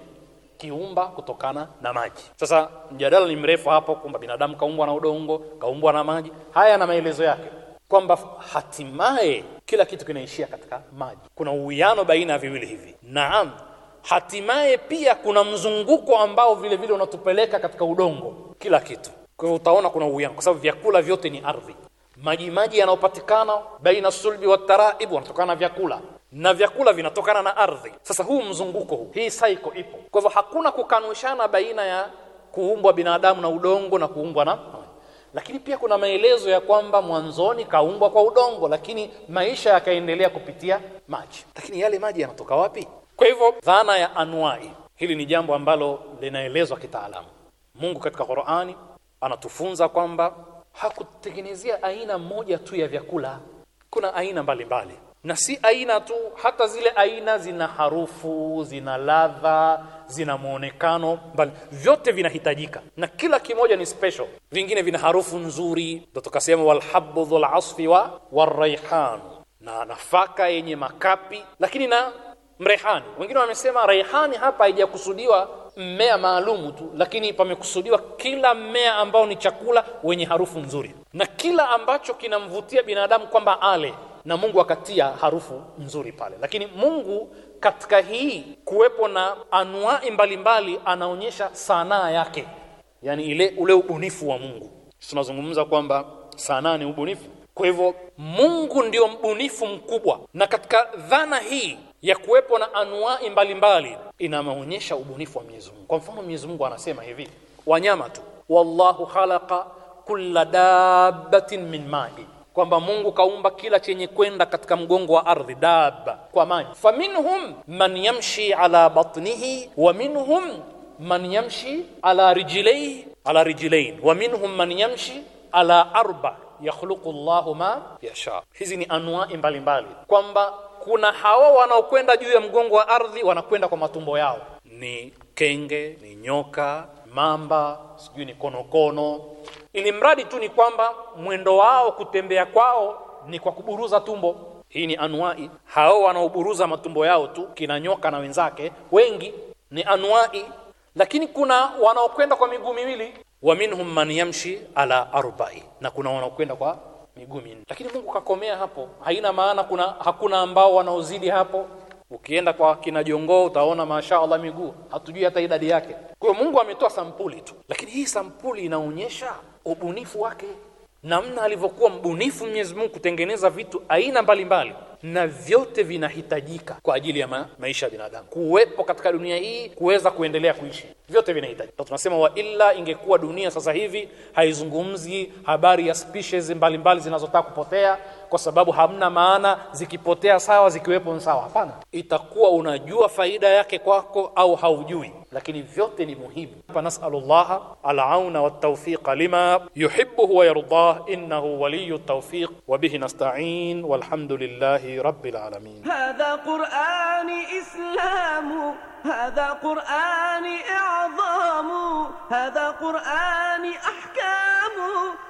kiumba kutokana na maji. Sasa mjadala ni mrefu hapo kwamba binadamu kaumbwa na udongo, kaumbwa na maji, haya na maelezo yake kwamba hatimaye kila kitu kinaishia katika maji. Kuna uwiano baina ya viwili hivi. Naam, hatimaye pia kuna mzunguko ambao vile vile unatupeleka katika udongo, kila kitu. Kwa hivyo utaona kuna uwiano, kwa sababu vyakula vyote ni ardhi. Maji maji yanayopatikana baina sulbi wa taraibu wanatokana na vyakula na vyakula vinatokana na ardhi. Sasa huu mzunguko huu, hii cycle ipo. Kwa hivyo hakuna kukanushana baina ya kuumbwa binadamu na udongo na kuumbwa na lakini pia kuna maelezo ya kwamba mwanzoni kaumbwa kwa udongo, lakini maisha yakaendelea kupitia maji. Lakini yale maji yanatoka wapi? Kwa hivyo dhana ya anwai hili ni jambo ambalo linaelezwa kitaalamu. Mungu katika Qur'ani anatufunza kwamba hakutengenezea aina moja tu ya vyakula, kuna aina mbalimbali mbali. Na si aina tu, hata zile aina zina harufu, zina ladha, zina muonekano, bali vyote vinahitajika, na kila kimoja ni special. Vingine vina harufu nzuri, ndio tukasema walhabbu dhul asfi wa waraihan, na nafaka yenye makapi, lakini na mrehani. Wengine wamesema reihani hapa haijakusudiwa mmea maalumu tu, lakini pamekusudiwa kila mmea ambao ni chakula wenye harufu nzuri na kila ambacho kinamvutia binadamu kwamba ale, na Mungu akatia harufu nzuri pale. Lakini Mungu katika hii kuwepo na anuai mbalimbali anaonyesha sanaa yake, yani ile ule ubunifu wa Mungu. Tunazungumza kwamba sanaa ni ubunifu. Kwa hivyo Mungu ndio mbunifu mkubwa, na katika dhana hii ya kuwepo na anuwai mbalimbali inamaonyesha ubunifu wa Mwenyezi Mungu. Kwa mfano Mwenyezi Mungu anasema hivi, wanyama tu, wallahu khalaqa kulla dabbatin min ma'i, kwamba Mungu kaumba kila chenye kwenda katika mgongo wa ardhi, dabba kwa maji. Fa minhum man yamshi ala batnihi wa minhum man yamshi ala rijlaihi ala rijlain wa minhum man yamshi ala arba yakhluqu Allahu ma yasha. Hizi ni anuwai mbalimbali kwamba kuna hawa wanaokwenda juu ya mgongo wa ardhi wanakwenda kwa matumbo yao, ni kenge, ni nyoka, mamba, sijui ni konokono, ili mradi tu ni kwamba mwendo wao kutembea kwao ni kwa kuburuza tumbo. Hii ni anwai. Hao wanaoburuza matumbo yao tu, kina nyoka na wenzake wengi, ni anwai. Lakini kuna wanaokwenda kwa miguu miwili, wa minhum man yamshi ala arba'i, na kuna wanaokwenda kwa miguu minne. Lakini Mungu kakomea hapo, haina maana kuna hakuna ambao wanaozidi hapo. Ukienda kwa kina Jongoo utaona mashaallah miguu, hatujui hata idadi yake. Kwa hiyo Mungu ametoa sampuli tu, lakini hii sampuli inaonyesha ubunifu wake, namna alivyokuwa mbunifu Mwenyezi Mungu kutengeneza vitu aina mbalimbali mbali na vyote vinahitajika kwa ajili ya ma maisha ya binadamu kuwepo katika dunia hii, kuweza kuendelea kuishi, vyote vinahitajika. Tunasema wa illa, ingekuwa dunia sasa hivi haizungumzi habari ya species mbalimbali zinazotaka kupotea kwa sababu hamna maana, zikipotea sawa, zikiwepo sawa. Hapana, itakuwa unajua faida yake kwako au haujui, lakini vyote ni muhimu. Hapa nasalullaha alauna waltawfiqa lima yuhibbuhu wa yardah innahu waliyu tawfiq wa bihi nasta'in walhamdulillah رب العالمين هذا قرآن إسلام هذا قرآن إعظام هذا قرآن أحكام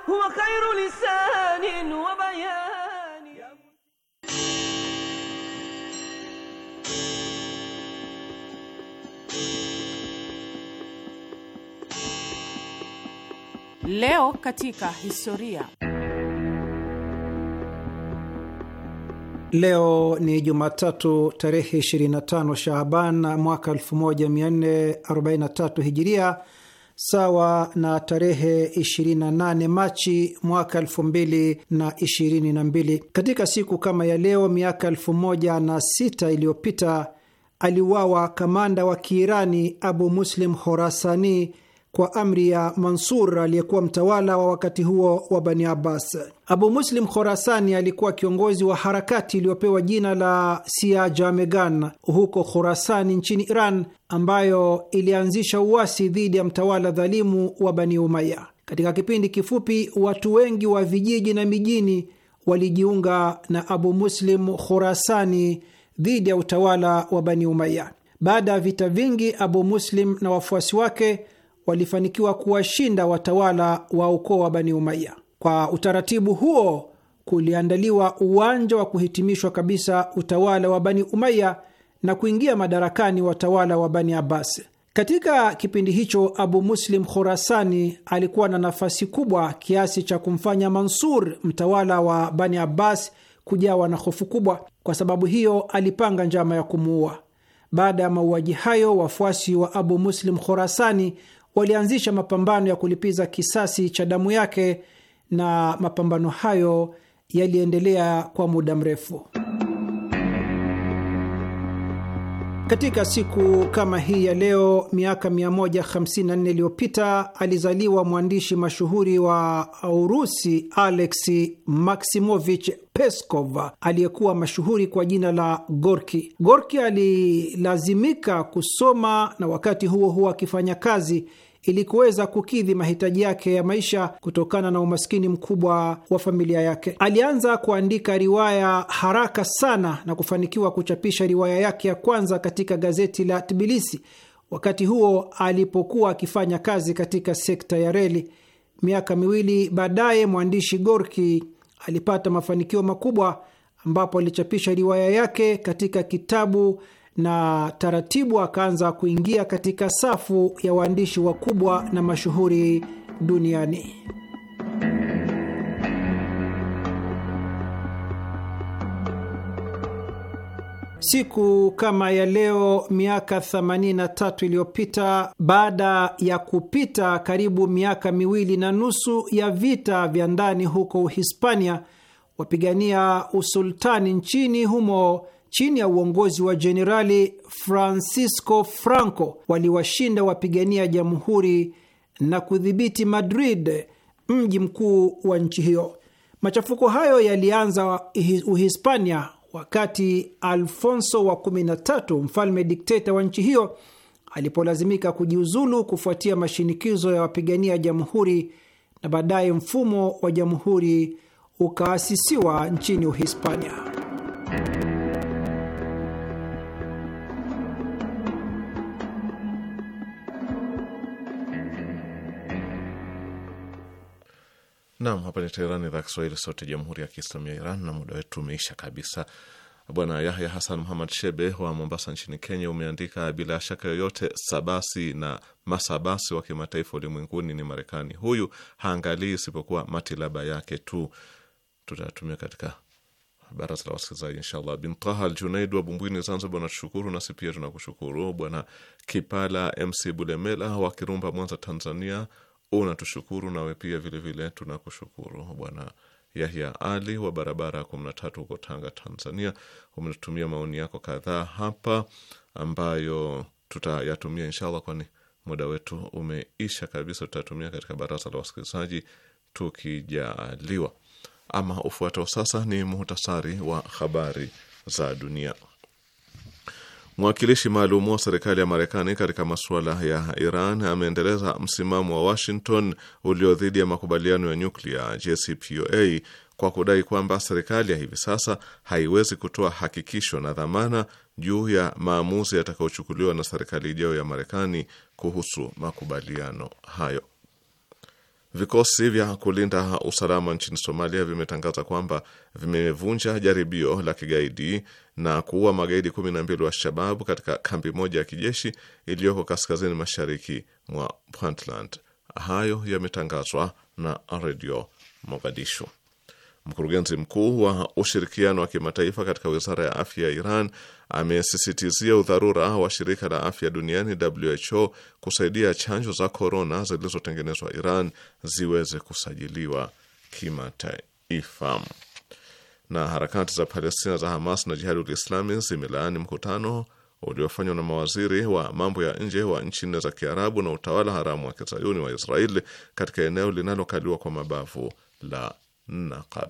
هو خير لسان وبيان Leo katika historia. Leo ni Jumatatu tarehe 25 Shaaban mwaka 1443 Hijiria, sawa na tarehe 28 Machi mwaka 2022. Katika siku kama ya leo miaka 1006 iliyopita aliuawa kamanda wa Kiirani Abu Muslim horasani kwa amri ya Mansur aliyekuwa mtawala wa wakati huo wa Bani Abbas. Abu Muslim Khorasani alikuwa kiongozi wa harakati iliyopewa jina la Siajamegan huko Khorasani nchini Iran, ambayo ilianzisha uasi dhidi ya mtawala dhalimu wa Bani Umaya. Katika kipindi kifupi, watu wengi wa vijiji na mijini walijiunga na Abu Muslim Khorasani dhidi ya utawala wa Bani Umaya. Baada ya vita vingi, Abu Muslim na wafuasi wake walifanikiwa kuwashinda watawala wa ukoo wa Bani umaya Kwa utaratibu huo kuliandaliwa uwanja wa kuhitimishwa kabisa utawala wa Bani umaya na kuingia madarakani watawala wa Bani Abbas. Katika kipindi hicho Abu Muslim Khorasani alikuwa na nafasi kubwa kiasi cha kumfanya Mansur, mtawala wa Bani Abbas, kujawa na hofu kubwa. Kwa sababu hiyo, alipanga njama ya kumuua. Baada ya mauaji hayo, wafuasi wa Abu Muslim Khorasani walianzisha mapambano ya kulipiza kisasi cha damu yake na mapambano hayo yaliendelea kwa muda mrefu. Katika siku kama hii ya leo miaka 154 iliyopita alizaliwa mwandishi mashuhuri wa Urusi Alexey Maksimovich Peskov aliyekuwa mashuhuri kwa jina la Gorki. Gorki alilazimika kusoma na wakati huo huo akifanya kazi ili kuweza kukidhi mahitaji yake ya maisha kutokana na umaskini mkubwa wa familia yake. Alianza kuandika riwaya haraka sana na kufanikiwa kuchapisha riwaya yake ya kwanza katika gazeti la Tbilisi wakati huo alipokuwa akifanya kazi katika sekta ya reli. Miaka miwili baadaye, mwandishi Gorki alipata mafanikio makubwa ambapo alichapisha riwaya yake katika kitabu na taratibu akaanza kuingia katika safu ya waandishi wakubwa na mashuhuri duniani. Siku kama ya leo miaka 83 iliyopita, baada ya kupita karibu miaka miwili na nusu ya vita vya ndani huko Uhispania, wapigania usultani nchini humo chini ya uongozi wa Jenerali Francisco Franco waliwashinda wapigania jamhuri na kudhibiti Madrid, mji mkuu wa nchi hiyo. Machafuko hayo yalianza Uhispania wakati Alfonso wa 13 mfalme dikteta wa nchi hiyo alipolazimika kujiuzulu kufuatia mashinikizo ya wapigania jamhuri na baadaye mfumo wa jamhuri ukaasisiwa nchini Uhispania. Naam, hapa ni Teherani, idhaa Kiswahili, sauti ya jamhuri ya kiislamu ya Iran, na muda wetu umeisha kabisa. Bwana Yahya Hasan Muhamad Shebe wa Mombasa nchini Kenya umeandika, bila shaka yoyote sabasi na masabasi wa kimataifa ulimwenguni ni Marekani. Huyu haangalii isipokuwa matilaba yake tu. Tutatumia katika baraza la wasikilizaji inshallah. Bintaha Al Junaid wa Bumbwini, Zanzibar, natushukuru. Nasi pia tunakushukuru. Bwana Kipala MC Bulemela wa Kirumba, Mwanza, Tanzania unatushukuru, nawe pia vilevile tunakushukuru. Bwana Yahya Ali wa barabara ya kumi na tatu huko Tanga, Tanzania, umetutumia maoni yako kadhaa hapa ambayo tutayatumia inshallah, kwani muda wetu umeisha kabisa. Tutatumia katika baraza la wasikilizaji tukijaliwa. Ama ufuatao sasa ni muhtasari wa habari za dunia. Mwakilishi maalum wa serikali ya Marekani katika masuala ya Iran ameendeleza msimamo wa Washington ulio dhidi ya makubaliano ya nyuklia JCPOA kwa kudai kwamba serikali ya hivi sasa haiwezi kutoa hakikisho na dhamana juu ya maamuzi yatakayochukuliwa na serikali ijayo ya Marekani kuhusu makubaliano hayo. Vikosi vya kulinda usalama nchini Somalia vimetangaza kwamba vimevunja jaribio la kigaidi na kuua magaidi 12 wa Shababu katika kambi moja ya kijeshi iliyoko kaskazini mashariki mwa Puntland. Hayo yametangazwa na redio Mogadishu. Mkurugenzi mkuu wa ushirikiano wa kimataifa katika wizara ya afya ya Iran amesisitizia udharura wa shirika la afya duniani WHO kusaidia chanjo za korona zilizotengenezwa Iran ziweze kusajiliwa kimataifa. Na harakati za Palestina za Hamas na Jihadi Ulislami zimelaani mkutano uliofanywa na mawaziri wa mambo ya nje wa nchi nne za Kiarabu na utawala haramu wa kizayuni wa Israeli katika eneo linalokaliwa kwa mabavu la Nakab